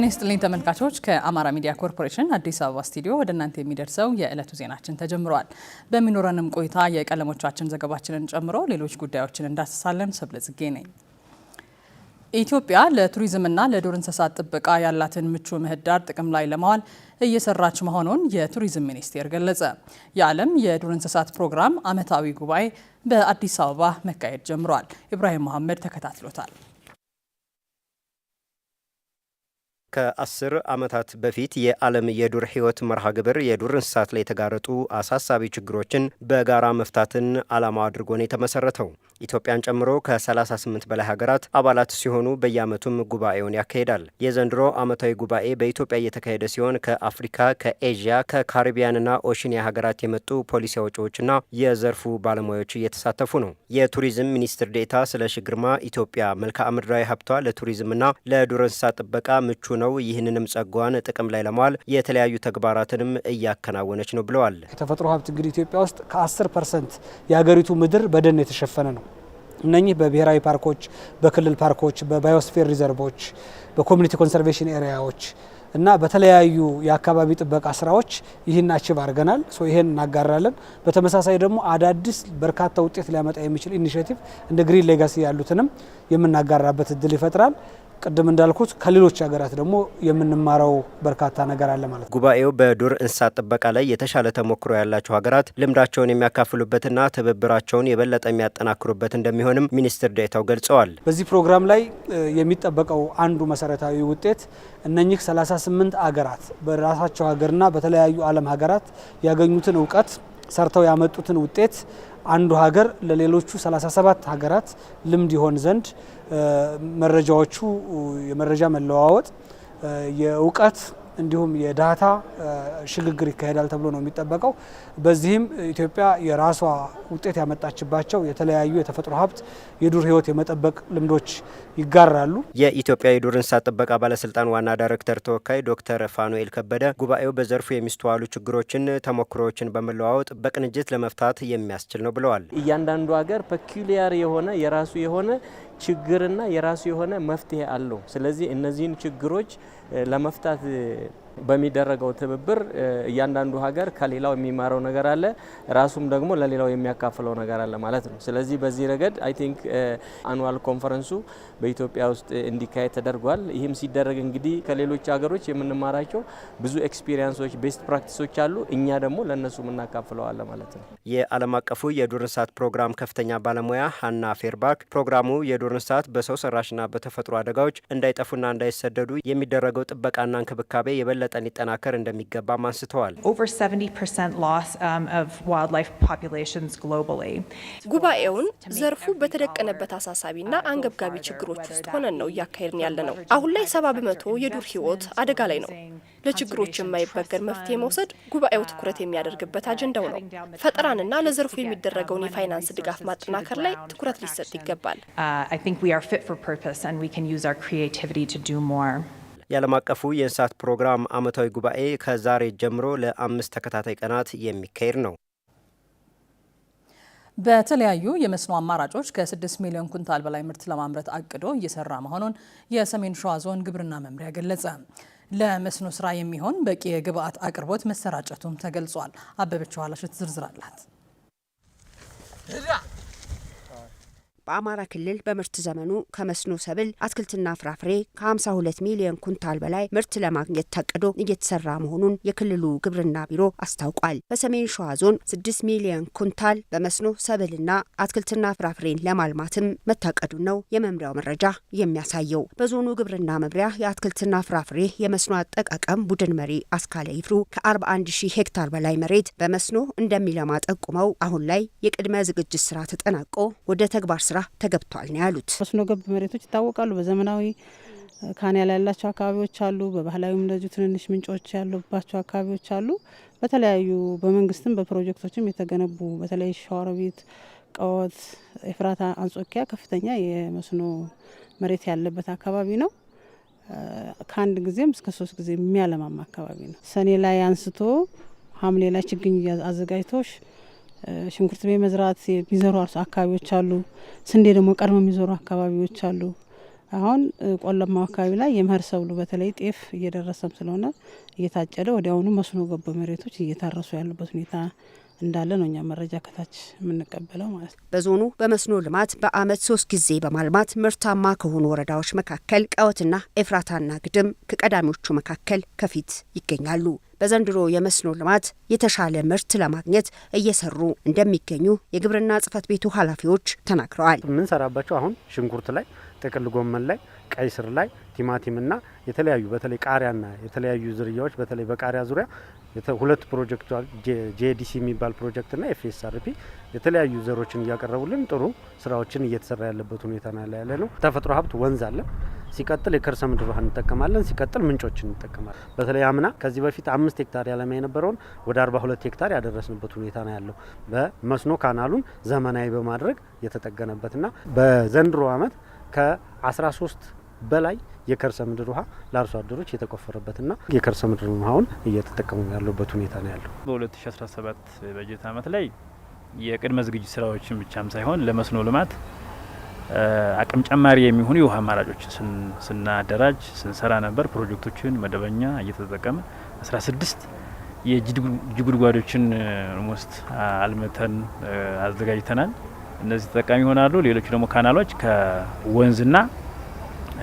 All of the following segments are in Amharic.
ጤና ይስጥልኝ ተመልካቾች። ከአማራ ሚዲያ ኮርፖሬሽን አዲስ አበባ ስቱዲዮ ወደ እናንተ የሚደርሰው የዕለቱ ዜናችን ተጀምሯል። በሚኖረንም ቆይታ የቀለሞቻችን ዘገባችንን ጨምሮ ሌሎች ጉዳዮችን እንዳስሳለን። ሰብለጽጌ ነኝ። ኢትዮጵያ ለቱሪዝምና ለዱር እንስሳት ጥበቃ ያላትን ምቹ ምህዳር ጥቅም ላይ ለማዋል እየሰራች መሆኑን የቱሪዝም ሚኒስቴር ገለጸ። የዓለም የዱር እንስሳት ፕሮግራም ዓመታዊ ጉባኤ በአዲስ አበባ መካሄድ ጀምሯል። ኢብራሂም መሐመድ ተከታትሎታል። ከአስር ዓመታት በፊት የዓለም የዱር ሕይወት መርሃ ግብር የዱር እንስሳት ላይ የተጋረጡ አሳሳቢ ችግሮችን በጋራ መፍታትን ዓላማ አድርጎ ነው የተመሰረተው። ኢትዮጵያን ጨምሮ ከ38 በላይ ሀገራት አባላት ሲሆኑ በየዓመቱም ጉባኤውን ያካሄዳል። የዘንድሮ ዓመታዊ ጉባኤ በኢትዮጵያ እየተካሄደ ሲሆን ከአፍሪካ፣ ከኤዥያ፣ ከካሪቢያንና ኦሽኒያ ሀገራት የመጡ ፖሊሲ አውጪዎችና የዘርፉ ባለሙያዎች እየተሳተፉ ነው። የቱሪዝም ሚኒስትር ዴታ ስለሺ ግርማ ኢትዮጵያ መልክዓ ምድራዊ ሀብቷ ለቱሪዝምና ለዱር እንስሳ ጥበቃ ምቹ ነው፣ ይህንንም ጸጋዋን ጥቅም ላይ ለማዋል የተለያዩ ተግባራትንም እያከናወነች ነው ብለዋል። ከተፈጥሮ ሀብት እንግዲህ ኢትዮጵያ ውስጥ ከ10 ፐርሰንት የሀገሪቱ ምድር በደን የተሸፈነ ነው። እነኚህ በብሔራዊ ፓርኮች፣ በክልል ፓርኮች፣ በባዮስፌር ሪዘርቮች፣ በኮሚኒቲ ኮንሰርቬሽን ኤሪያዎች እና በተለያዩ የአካባቢ ጥበቃ ስራዎች ይህን አችብ አድርገናል። ይሄን እናጋራለን። በተመሳሳይ ደግሞ አዳዲስ በርካታ ውጤት ሊያመጣ የሚችል ኢኒሽቲቭ እንደ ግሪን ሌጋሲ ያሉትንም የምናጋራበት እድል ይፈጥራል። ቅድም እንዳልኩት ከሌሎች ሀገራት ደግሞ የምንማረው በርካታ ነገር አለ ማለት ነው። ጉባኤው በዱር እንስሳት ጥበቃ ላይ የተሻለ ተሞክሮ ያላቸው ሀገራት ልምዳቸውን የሚያካፍሉበትና ትብብራቸውን የበለጠ የሚያጠናክሩበት እንደሚሆንም ሚኒስትር ዴኤታው ገልጸዋል። በዚህ ፕሮግራም ላይ የሚጠበቀው አንዱ መሰረታዊ ውጤት እነኚህ 38 ሀገራት በራሳቸው ሀገርና በተለያዩ ዓለም ሀገራት ያገኙትን እውቀት ሰርተው ያመጡትን ውጤት አንዱ ሀገር ለሌሎቹ 37 ሀገራት ልምድ ይሆን ዘንድ መረጃዎቹ የመረጃ መለዋወጥ የእውቀት እንዲሁም የዳታ ሽግግር ይካሄዳል ተብሎ ነው የሚጠበቀው። በዚህም ኢትዮጵያ የራሷ ውጤት ያመጣችባቸው የተለያዩ የተፈጥሮ ሀብት የዱር ሕይወት የመጠበቅ ልምዶች ይጋራሉ። የኢትዮጵያ የዱር እንስሳት ጥበቃ ባለስልጣን ዋና ዳይሬክተር ተወካይ ዶክተር ፋኑኤል ከበደ ጉባኤው በዘርፉ የሚስተዋሉ ችግሮችን፣ ተሞክሮዎችን በመለዋወጥ በቅንጅት ለመፍታት የሚያስችል ነው ብለዋል። እያንዳንዱ ሀገር ፐኪሊያር የሆነ የራሱ የሆነ ችግርና የራሱ የሆነ መፍትሄ አለው። ስለዚህ እነዚህን ችግሮች ለመፍታት በሚደረገው ትብብር እያንዳንዱ ሀገር ከሌላው የሚማረው ነገር አለ፣ ራሱም ደግሞ ለሌላው የሚያካፍለው ነገር አለ ማለት ነው። ስለዚህ በዚህ ረገድ አይ ቲንክ አኑዋል ኮንፈረንሱ በኢትዮጵያ ውስጥ እንዲካሄድ ተደርጓል። ይህም ሲደረግ እንግዲህ ከሌሎች ሀገሮች የምንማራቸው ብዙ ኤክስፒሪየንሶች፣ ቤስት ፕራክቲሶች አሉ። እኛ ደግሞ ለእነሱ የምናካፍለዋለ ማለት ነው። የዓለም አቀፉ የዱር እንስሳት ፕሮግራም ከፍተኛ ባለሙያ ሀና ፌርባክ ፕሮግራሙ የዱር እንስሳት በሰው ሰራሽና በተፈጥሮ አደጋዎች እንዳይጠፉና እንዳይሰደዱ የሚደረገው ጥበቃና እንክብካቤ የበለጠ መጠን ሊጠናከር እንደሚገባም አንስተዋል። um, ጉባኤውን ዘርፉ በተደቀነበት አሳሳቢና አንገብጋቢ ችግሮች ውስጥ ሆነን ነው እያካሄድን ያለ ነው። አሁን ላይ ሰባ በመቶ የዱር ህይወት አደጋ ላይ ነው። ለችግሮች የማይበገር መፍትሄ መውሰድ ጉባኤው ትኩረት የሚያደርግበት አጀንዳው ነው። ፈጠራንና ለዘርፉ የሚደረገውን የፋይናንስ ድጋፍ ማጠናከር ላይ ትኩረት ሊሰጥ ይገባል። የዓለም አቀፉ የእንስሳት ፕሮግራም ዓመታዊ ጉባኤ ከዛሬ ጀምሮ ለአምስት ተከታታይ ቀናት የሚካሄድ ነው። በተለያዩ የመስኖ አማራጮች ከ6 ሚሊዮን ኩንታል በላይ ምርት ለማምረት አቅዶ እየሰራ መሆኑን የሰሜን ሸዋ ዞን ግብርና መምሪያ ገለጸ። ለመስኖ ስራ የሚሆን በቂ የግብአት አቅርቦት መሰራጨቱም ተገልጿል። አበበች ኋላሸት ዝርዝር አላት። በአማራ ክልል በምርት ዘመኑ ከመስኖ ሰብል፣ አትክልትና ፍራፍሬ ከ52 ሚሊዮን ኩንታል በላይ ምርት ለማግኘት ታቅዶ እየተሰራ መሆኑን የክልሉ ግብርና ቢሮ አስታውቋል። በሰሜን ሸዋ ዞን 6 ሚሊዮን ኩንታል በመስኖ ሰብልና አትክልትና ፍራፍሬን ለማልማትም መታቀዱ ነው የመምሪያው መረጃ የሚያሳየው። በዞኑ ግብርና መምሪያ የአትክልትና ፍራፍሬ የመስኖ አጠቃቀም ቡድን መሪ አስካለ ይፍሩ ከ41 ሺህ ሄክታር በላይ መሬት በመስኖ እንደሚለማ ጠቁመው አሁን ላይ የቅድመ ዝግጅት ስራ ተጠናቆ ወደ ተግባር ስራ ተገብቷል ነው ያሉት። መስኖ ገብ መሬቶች ይታወቃሉ። በዘመናዊ ካናል ያላቸው አካባቢዎች አሉ። በባህላዊም እንደዚሁ ትንንሽ ምንጮች ያሉባቸው አካባቢዎች አሉ። በተለያዩ በመንግስትም በፕሮጀክቶችም የተገነቡ በተለይ ሸዋሮቢት፣ ቀወት፣ ኤፍራታ፣ አንጾኪያ ከፍተኛ የመስኖ መሬት ያለበት አካባቢ ነው። ከአንድ ጊዜም እስከ ሶስት ጊዜ የሚያለማማ አካባቢ ነው። ሰኔ ላይ አንስቶ ሐምሌ ላይ ችግኝ አዘጋጅቶ ሽንኩርት መዝራት የሚዘሩ አካባቢዎች አሉ። ስንዴ ደግሞ ቀድሞ የሚዘሩ አካባቢዎች አሉ። አሁን ቆለማው አካባቢ ላይ የመኸር ሰብሉ በተለይ ጤፍ እየደረሰም ስለሆነ እየታጨደ ወዲያውኑ መስኖ ገብ መሬቶች እየታረሱ ያሉበት ሁኔታ እንዳለ ነው እኛ መረጃ ከታች የምንቀበለው ማለት ነው። በዞኑ በመስኖ ልማት በአመት ሶስት ጊዜ በማልማት ምርታማ ከሆኑ ወረዳዎች መካከል ቀወትና ኤፍራታና ግድም ከቀዳሚዎቹ መካከል ከፊት ይገኛሉ። በዘንድሮ የመስኖ ልማት የተሻለ ምርት ለማግኘት እየሰሩ እንደሚገኙ የግብርና ጽሕፈት ቤቱ ኃላፊዎች ተናግረዋል። የምንሰራባቸው አሁን ሽንኩርት ላይ፣ ጥቅል ጎመን ላይ፣ ቀይ ስር ላይ፣ ቲማቲምና የተለያዩ በተለይ ቃሪያና የተለያዩ ዝርያዎች በተለይ በቃሪያ ዙሪያ ሁለት ፕሮጀክቱ ጄዲሲ የሚባል ፕሮጀክትና ኤፍኤስአርፒ የተለያዩ ዘሮችን እያቀረቡልን ጥሩ ስራዎችን እየተሰራ ያለበት ሁኔታ ነው ያለ ነው። ተፈጥሮ ሀብት ወንዝ አለ። ሲቀጥል የከርሰ ምድር ውሃ እንጠቀማለን። ሲቀጥል ምንጮች እንጠቀማለን። በተለይ አምና ከዚህ በፊት አምስት ሄክታር ያለማ የነበረውን ወደ አርባ ሁለት ሄክታር ያደረስንበት ሁኔታ ነው ያለው። በመስኖ ካናሉን ዘመናዊ በማድረግ የተጠገነበትና በዘንድሮ አመት ከ13 በላይ የከርሰ ምድር ውሃ ለአርሶ አደሮች የተቆፈረበትና የከርሰ ምድር ውሃውን እየተጠቀሙ ያለበት ሁኔታ ነው ያለው። በ2017 በጀት ዓመት ላይ የቅድመ ዝግጅት ስራዎችን ብቻም ሳይሆን ለመስኖ ልማት አቅም ጨማሪ የሚሆኑ የውሃ አማራጮችን ስናደራጅ ስንሰራ ነበር። ፕሮጀክቶችን መደበኛ እየተጠቀምን 16 የጅጉድጓዶችን ጉድጓዶችን ሞስት አልምተን አዘጋጅተናል። እነዚህ ተጠቃሚ ይሆናሉ። ሌሎች ደግሞ ካናሎች ከወንዝና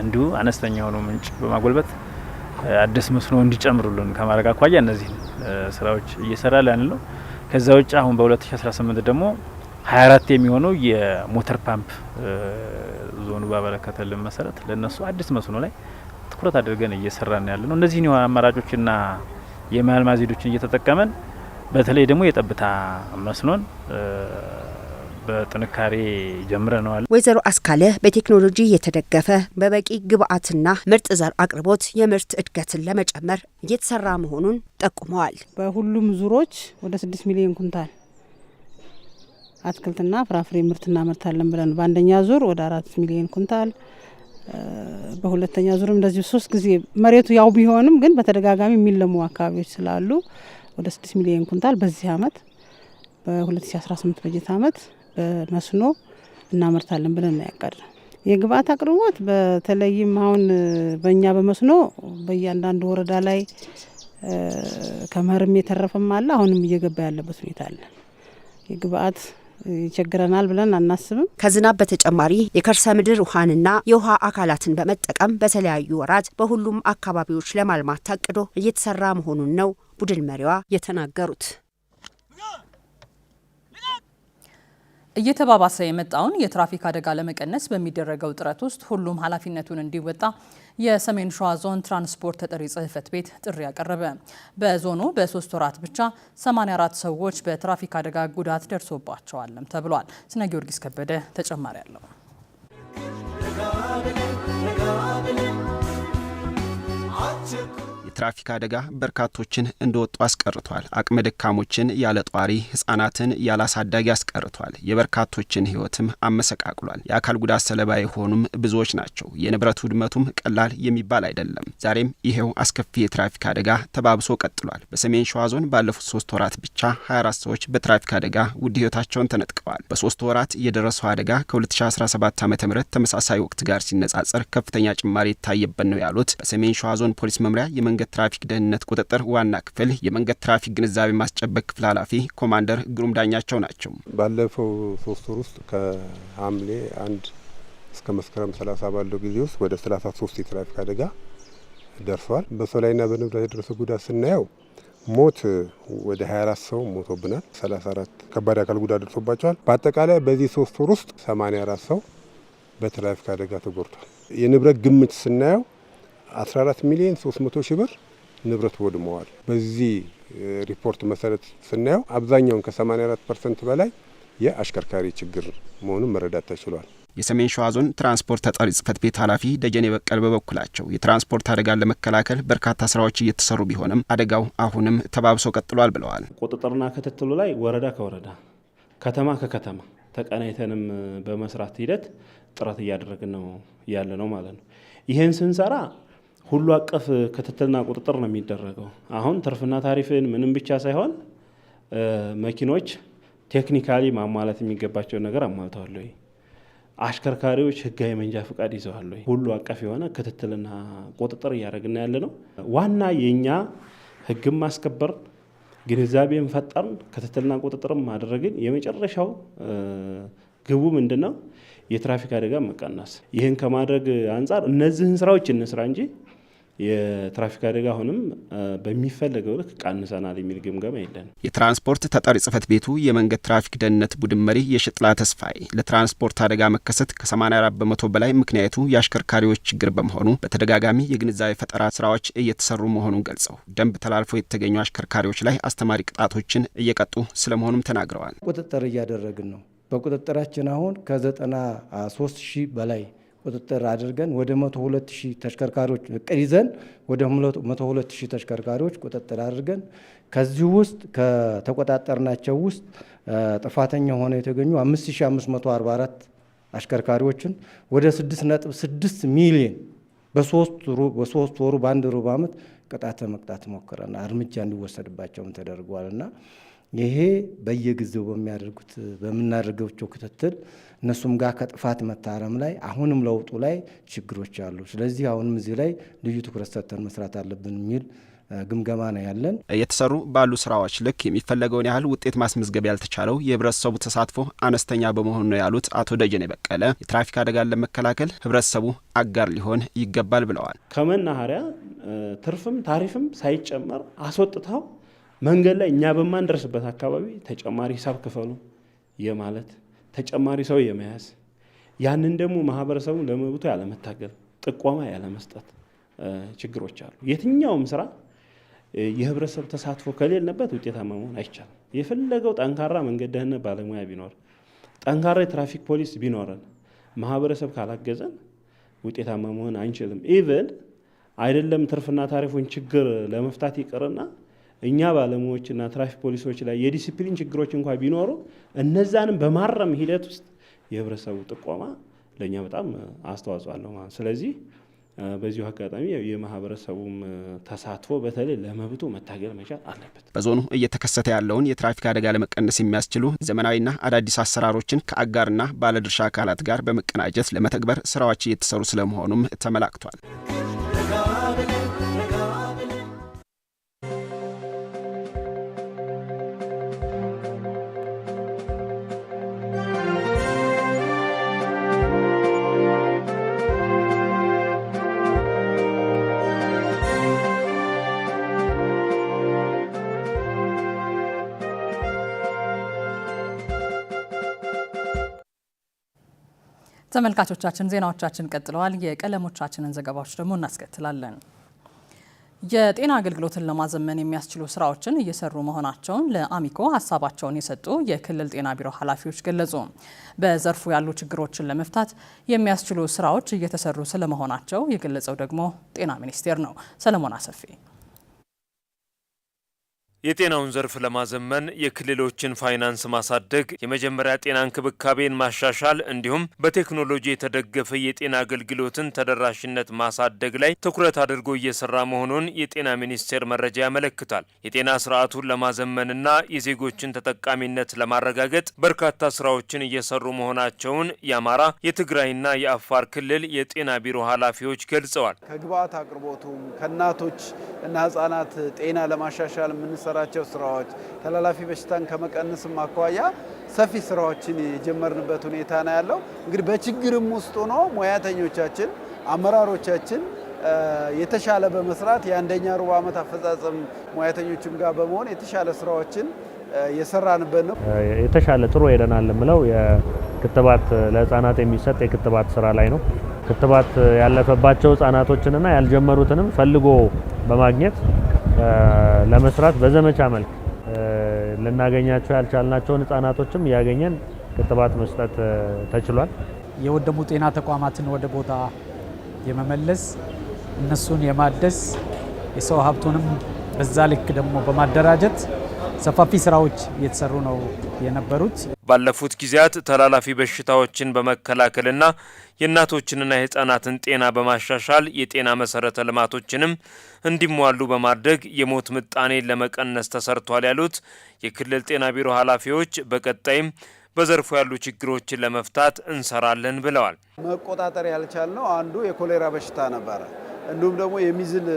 እንዲሁ አነስተኛ የሆኑ ምንጭ በማጎልበት አዲስ መስኖ እንዲጨምሩልን ከማድረግ አኳያ እነዚህ ስራዎች እየሰራ ላን ያለው። ከዛ ውጭ አሁን በ2018 ደግሞ 24 የሚሆኑ የሞተር ፓምፕ ዞኑ ባበረከተልን መሰረት ለእነሱ አዲስ መስኖ ላይ ትኩረት አድርገን እየሰራ ነው ያለ ነው። እነዚህን የውሃ አማራጮችና የማልማዜዶችን እየተጠቀመን በተለይ ደግሞ የጠብታ መስኖን በጥንካሬ ጀምረነዋል። ወይዘሮ አስካለ በቴክኖሎጂ የተደገፈ በበቂ ግብአትና ምርጥ ዘር አቅርቦት የምርት እድገትን ለመጨመር እየተሰራ መሆኑን ጠቁመዋል። በሁሉም ዙሮች ወደ ስድስት ሚሊዮን ኩንታል አትክልትና ፍራፍሬ ምርት እናመርታለን ብለን በአንደኛ ዙር ወደ አራት ሚሊዮን ኩንታል በሁለተኛ ዙርም እንደዚሁ ሶስት ጊዜ መሬቱ ያው ቢሆንም ግን በተደጋጋሚ የሚለሙ አካባቢዎች ስላሉ ወደ ስድስት ሚሊዮን ኩንታል በዚህ አመት በ2018 በጀት አመት በመስኖ እናመርታለን ብለን ነው ያቀድነው። የግብአት አቅርቦት በተለይም አሁን በእኛ በመስኖ በእያንዳንዱ ወረዳ ላይ ከመኸርም የተረፈም አለ አሁንም እየገባ ያለበት ሁኔታ አለ። የግብአት ይቸግረናል ብለን አናስብም። ከዝናብ በተጨማሪ የከርሰ ምድር ውሃንና የውሃ አካላትን በመጠቀም በተለያዩ ወራት በሁሉም አካባቢዎች ለማልማት ታቅዶ እየተሰራ መሆኑን ነው ቡድን መሪዋ የተናገሩት። እየተባባሰ የመጣውን የትራፊክ አደጋ ለመቀነስ በሚደረገው ጥረት ውስጥ ሁሉም ኃላፊነቱን እንዲወጣ የሰሜን ሸዋ ዞን ትራንስፖርት ተጠሪ ጽህፈት ቤት ጥሪ አቀረበ። በዞኑ በሶስት ወራት ብቻ 84 ሰዎች በትራፊክ አደጋ ጉዳት ደርሶባቸዋልም ተብሏል። ስነ ጊዮርጊስ ከበደ ተጨማሪ አለው። የትራፊክ አደጋ በርካቶችን እንደወጡ አስቀርቷል። አቅመ ደካሞችን ያለ ጧሪ፣ ህጻናትን ያላሳዳጊ አስቀርቷል። የበርካቶችን ህይወትም አመሰቃቅሏል። የአካል ጉዳት ሰለባ የሆኑም ብዙዎች ናቸው። የንብረት ውድመቱም ቀላል የሚባል አይደለም። ዛሬም ይሄው አስከፊ የትራፊክ አደጋ ተባብሶ ቀጥሏል። በሰሜን ሸዋ ዞን ባለፉት ሶስት ወራት ብቻ 24 ሰዎች በትራፊክ አደጋ ውድ ህይወታቸውን ተነጥቀዋል። በሶስት ወራት የደረሰው አደጋ ከ2017 ዓ ም ተመሳሳይ ወቅት ጋር ሲነጻጸር ከፍተኛ ጭማሪ የታየበት ነው ያሉት በሰሜን ሸዋ ዞን ፖሊስ መምሪያ የመንገድ የመንገድ ትራፊክ ደህንነት ቁጥጥር ዋና ክፍል የመንገድ ትራፊክ ግንዛቤ ማስጨበቅ ክፍል ኃላፊ ኮማንደር ግሩም ዳኛቸው ናቸው። ባለፈው ሶስት ወር ውስጥ ከሐምሌ አንድ እስከ መስከረም ሰላሳ ባለው ጊዜ ውስጥ ወደ ሰላሳ ሶስት የትራፊክ አደጋ ደርሰዋል። በሰው ላይና በንብረት ላይ የደረሰ ጉዳት ስናየው ሞት ወደ 24 ሰው ሞቶብናል። 34 ከባድ አካል ጉዳት ደርሶባቸዋል። በአጠቃላይ በዚህ ሶስት ወር ውስጥ 84 ሰው በትራፊክ አደጋ ተጎድቷል። የንብረት ግምት ስናየው 14 ሚሊዮን 300 ሺህ ብር ንብረት ወድመዋል። በዚህ ሪፖርት መሰረት ስናየው አብዛኛውን ከ84 ፐርሰንት በላይ የአሽከርካሪ ችግር መሆኑን መረዳት ተችሏል። የሰሜን ሸዋ ዞን ትራንስፖርት ተጠሪ ጽህፈት ቤት ኃላፊ ደጀኔ በቀል በበኩላቸው የትራንስፖርት አደጋን ለመከላከል በርካታ ስራዎች እየተሰሩ ቢሆንም አደጋው አሁንም ተባብሶ ቀጥሏል ብለዋል። ቁጥጥርና ክትትሉ ላይ ወረዳ ከወረዳ ከተማ ከከተማ ተቀናይተንም በመስራት ሂደት ጥረት እያደረግን ነው ያለ ነው ማለት ነው። ይህን ስንሰራ ሁሉ አቀፍ ክትትልና ቁጥጥር ነው የሚደረገው። አሁን ትርፍና ታሪፍን ምንም ብቻ ሳይሆን መኪኖች ቴክኒካሊ ማሟላት የሚገባቸውን ነገር አሟልተዋል ወይ፣ አሽከርካሪዎች ህጋዊ መንጃ ፈቃድ ይዘዋል ወይ፣ ሁሉ አቀፍ የሆነ ክትትልና ቁጥጥር እያደረግን ያለ ነው። ዋና የእኛ ህግን ማስከበር ግንዛቤን ፈጠርን፣ ክትትልና ቁጥጥር ማድረግን የመጨረሻው ግቡ ምንድን ነው? የትራፊክ አደጋ መቀነስ። ይህን ከማድረግ አንጻር እነዚህን ስራዎች እንስራ እንጂ የትራፊክ አደጋ አሁንም በሚፈለገው ልክ ቀንሰናል የሚል ግምገማ የለን። የትራንስፖርት ተጠሪ ጽፈት ቤቱ የመንገድ ትራፊክ ደህንነት ቡድን መሪ የሽጥላ ተስፋዬ ለትራንስፖርት አደጋ መከሰት ከ84 በመቶ በላይ ምክንያቱ የአሽከርካሪዎች ችግር በመሆኑ በተደጋጋሚ የግንዛቤ ፈጠራ ስራዎች እየተሰሩ መሆኑን ገልጸው ደንብ ተላልፎ የተገኙ አሽከርካሪዎች ላይ አስተማሪ ቅጣቶችን እየቀጡ ስለመሆኑም ተናግረዋል። ቁጥጥር እያደረግን ነው። በቁጥጥራችን አሁን ከ93 ሺህ በላይ ቁጥጥር አድርገን ወደ 102 ሺህ ተሽከርካሪዎች እቅድ ይዘን ወደ 102 ሺህ ተሽከርካሪዎች ቁጥጥር አድርገን ከዚህ ውስጥ ከተቆጣጠርናቸው ውስጥ ጥፋተኛ ሆነው የተገኙ 5544 አሽከርካሪዎችን ወደ 6.6 ሚሊዮን በሶስት ወሩ በአንድ ሩብ ዓመት ቅጣት መቅጣት ሞክረና እርምጃ እንዲወሰድባቸውም ተደርጓልና ይሄ በየጊዜው በሚያደርጉት በምናደርገቸው ክትትል እነሱም ጋር ከጥፋት መታረም ላይ አሁንም ለውጡ ላይ ችግሮች አሉ። ስለዚህ አሁንም እዚህ ላይ ልዩ ትኩረት ሰጥተን መስራት አለብን የሚል ግምገማ ነው ያለን። የተሰሩ ባሉ ስራዎች ልክ የሚፈለገውን ያህል ውጤት ማስመዝገብ ያልተቻለው የህብረተሰቡ ተሳትፎ አነስተኛ በመሆኑ ነው ያሉት አቶ ደጀኔ በቀለ የትራፊክ አደጋን ለመከላከል ህብረተሰቡ አጋር ሊሆን ይገባል ብለዋል። ከመናኸሪያ ትርፍም ታሪፍም ሳይጨመር አስወጥተው መንገድ ላይ እኛ በማንደርስበት አካባቢ ተጨማሪ ሂሳብ ክፈሉ የማለት ተጨማሪ ሰው የመያዝ ያንን ደግሞ ማህበረሰቡን ለመብቱ ያለመታገል ጥቆማ ያለመስጠት ችግሮች አሉ። የትኛውም ስራ የህብረተሰብ ተሳትፎ ከሌለበት ውጤታማ መሆን አይቻልም። የፈለገው ጠንካራ መንገድ ደህንነት ባለሙያ ቢኖር፣ ጠንካራ የትራፊክ ፖሊስ ቢኖረን፣ ማህበረሰብ ካላገዘን ውጤታማ መሆን አንችልም። ኢቨን አይደለም ትርፍና ታሪፉን ችግር ለመፍታት ይቅርና እኛ ባለሙያዎችና ትራፊክ ፖሊሶች ላይ የዲሲፕሊን ችግሮች እንኳ ቢኖሩ እነዛንም በማረም ሂደት ውስጥ የህብረተሰቡ ጥቆማ ለእኛ በጣም አስተዋጽኦ አለው ማለት። ስለዚህ በዚሁ አጋጣሚ የማህበረሰቡም ተሳትፎ በተለይ ለመብቱ መታገል መቻል አለበት። በዞኑ እየተከሰተ ያለውን የትራፊክ አደጋ ለመቀነስ የሚያስችሉ ዘመናዊና አዳዲስ አሰራሮችን ከአጋርና ባለድርሻ አካላት ጋር በመቀናጀት ለመተግበር ስራዎች እየተሰሩ ስለመሆኑም ተመላክቷል። ተመልካቾቻችን ዜናዎቻችን ቀጥለዋል። የቀለሞቻችንን ዘገባዎች ደግሞ እናስከትላለን። የጤና አገልግሎትን ለማዘመን የሚያስችሉ ስራዎችን እየሰሩ መሆናቸውን ለአሚኮ ሀሳባቸውን የሰጡ የክልል ጤና ቢሮ ኃላፊዎች ገለጹ። በዘርፉ ያሉ ችግሮችን ለመፍታት የሚያስችሉ ስራዎች እየተሰሩ ስለመሆናቸው የገለጸው ደግሞ ጤና ሚኒስቴር ነው። ሰለሞን አሰፌ የጤናውን ዘርፍ ለማዘመን የክልሎችን ፋይናንስ ማሳደግ፣ የመጀመሪያ ጤና እንክብካቤን ማሻሻል እንዲሁም በቴክኖሎጂ የተደገፈ የጤና አገልግሎትን ተደራሽነት ማሳደግ ላይ ትኩረት አድርጎ እየሰራ መሆኑን የጤና ሚኒስቴር መረጃ ያመለክታል። የጤና ስርዓቱን ለማዘመንና የዜጎችን ተጠቃሚነት ለማረጋገጥ በርካታ ስራዎችን እየሰሩ መሆናቸውን የአማራ የትግራይና የአፋር ክልል የጤና ቢሮ ኃላፊዎች ገልጸዋል። ከግብአት አቅርቦቱም ከእናቶች እና ህጻናት ጤና ለማሻሻል የምንሰራ የምንሰራቸው ስራዎች ተላላፊ በሽታን ከመቀነስም አኳያ ሰፊ ስራዎችን የጀመርንበት ሁኔታ ነው ያለው። እንግዲህ በችግርም ውስጥ ሆኖ ሙያተኞቻችን፣ አመራሮቻችን የተሻለ በመስራት የአንደኛ ሩብ ዓመት አፈጻጸም ሙያተኞችም ጋር በመሆን የተሻለ ስራዎችን የሰራንበት ነው። የተሻለ ጥሩ ሄደናል የምለው የክትባት ለህፃናት የሚሰጥ የክትባት ስራ ላይ ነው። ክትባት ያለፈባቸው ህጻናቶችንና ያልጀመሩትንም ፈልጎ በማግኘት ለመስራት በዘመቻ መልክ ልናገኛቸው ያልቻልናቸውን ህጻናቶችም እያገኘን ክትባት መስጠት ተችሏል። የወደሙ ጤና ተቋማትን ወደ ቦታ የመመለስ እነሱን የማደስ የሰው ሀብቱንም በዛ ልክ ደግሞ በማደራጀት ሰፋፊ ስራዎች እየተሰሩ ነው የነበሩት። ባለፉት ጊዜያት ተላላፊ በሽታዎችን በመከላከልና የእናቶችንና የህፃናትን ጤና በማሻሻል የጤና መሰረተ ልማቶችንም እንዲሟሉ በማድረግ የሞት ምጣኔን ለመቀነስ ተሰርቷል ያሉት የክልል ጤና ቢሮ ኃላፊዎች በቀጣይም በዘርፉ ያሉ ችግሮችን ለመፍታት እንሰራለን ብለዋል። መቆጣጠር ያልቻልነው አንዱ የኮሌራ በሽታ ነበረ። እንዲሁም ደግሞ የሚዝል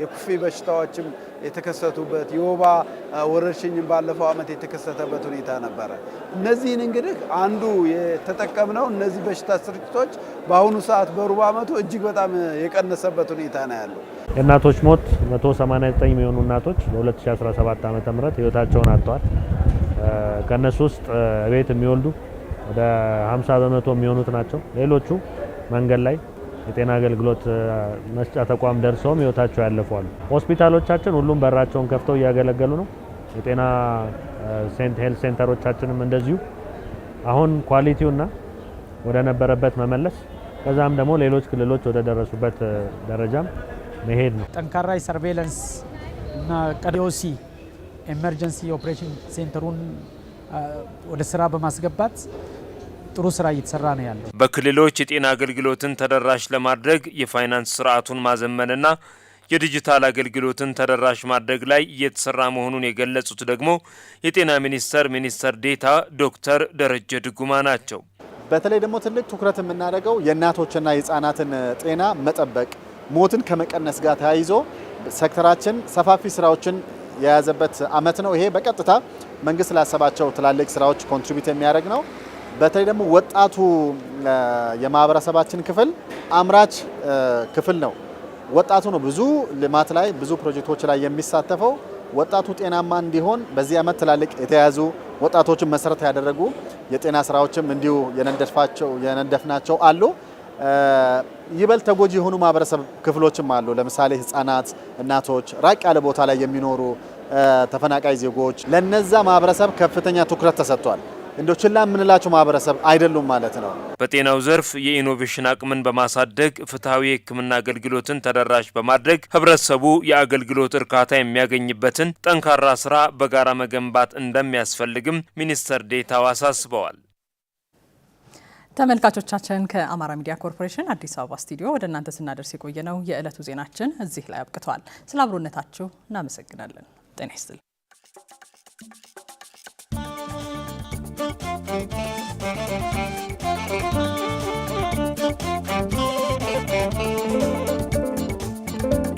የኩፌ በሽታዎችም የተከሰቱበት የወባ ወረርሽኝም ባለፈው ዓመት የተከሰተበት ሁኔታ ነበረ። እነዚህን እንግዲህ አንዱ የተጠቀምነው እነዚህ በሽታ ስርጭቶች በአሁኑ ሰዓት በሩብ ዓመቱ እጅግ በጣም የቀነሰበት ሁኔታ ነው ያለው። የእናቶች ሞት 189 የሚሆኑ እናቶች በ2017 ዓ ም ህይወታቸውን አጥተዋል። ከእነሱ ውስጥ ቤት የሚወልዱ ወደ 50 በመቶ የሚሆኑት ናቸው። ሌሎቹ መንገድ ላይ የጤና አገልግሎት መስጫ ተቋም ደርሰውም ህይወታቸው ያለፏሉ። ሆስፒታሎቻችን ሁሉም በራቸውን ከፍተው እያገለገሉ ነው። የጤና ሄልት ሴንተሮቻችንም እንደዚሁ አሁን ኳሊቲውና ወደ ነበረበት መመለስ ከዛም ደግሞ ሌሎች ክልሎች ወደ ደረሱበት ደረጃም መሄድ ነው። ጠንካራ ሰርቬለንስ እና ቀዲዮሲ ኤመርጀንሲ ኦፕሬሽን ሴንተሩን ወደ ስራ በማስገባት ጥሩ ስራ እየተሰራ ነው ያለው። በክልሎች የጤና አገልግሎትን ተደራሽ ለማድረግ የፋይናንስ ስርዓቱን ማዘመንና የዲጂታል አገልግሎትን ተደራሽ ማድረግ ላይ እየተሰራ መሆኑን የገለጹት ደግሞ የጤና ሚኒስቴር ሚኒስትር ዴታ ዶክተር ደረጀ ድጉማ ናቸው። በተለይ ደግሞ ትልቅ ትኩረት የምናደርገው የእናቶችና የህፃናትን ጤና መጠበቅ ሞትን ከመቀነስ ጋር ተያይዞ ሴክተራችን ሰፋፊ ስራዎችን የያዘበት አመት ነው። ይሄ በቀጥታ መንግስት ላሰባቸው ትላልቅ ስራዎች ኮንትሪቢዩት የሚያደርግ ነው። በተለይ ደግሞ ወጣቱ የማህበረሰባችን ክፍል አምራች ክፍል ነው። ወጣቱ ነው ብዙ ልማት ላይ ብዙ ፕሮጀክቶች ላይ የሚሳተፈው። ወጣቱ ጤናማ እንዲሆን በዚህ ዓመት ትላልቅ የተያዙ ወጣቶችን መሰረት ያደረጉ የጤና ስራዎችም እንዲሁ የነደፋቸው የነደፍናቸው አሉ። ይበልጥ ተጎጂ የሆኑ ማህበረሰብ ክፍሎችም አሉ። ለምሳሌ ህጻናት፣ እናቶች፣ ራቅ ያለ ቦታ ላይ የሚኖሩ ተፈናቃይ ዜጎች፣ ለነዛ ማህበረሰብ ከፍተኛ ትኩረት ተሰጥቷል። እንደ ችላ የምንላቸው ማህበረሰብ አይደሉም ማለት ነው። በጤናው ዘርፍ የኢኖቬሽን አቅምን በማሳደግ ፍትሐዊ የሕክምና አገልግሎትን ተደራሽ በማድረግ ህብረተሰቡ የአገልግሎት እርካታ የሚያገኝበትን ጠንካራ ስራ በጋራ መገንባት እንደሚያስፈልግም ሚኒስተር ዴታው አሳስበዋል። ተመልካቾቻችን ከአማራ ሚዲያ ኮርፖሬሽን አዲስ አበባ ስቱዲዮ ወደ እናንተ ስናደርስ የቆየነው የዕለቱ ዜናችን እዚህ ላይ አብቅተዋል። ስለ አብሮነታችሁ እናመሰግናለን። ጤና ይስጥልኝ። Thank you.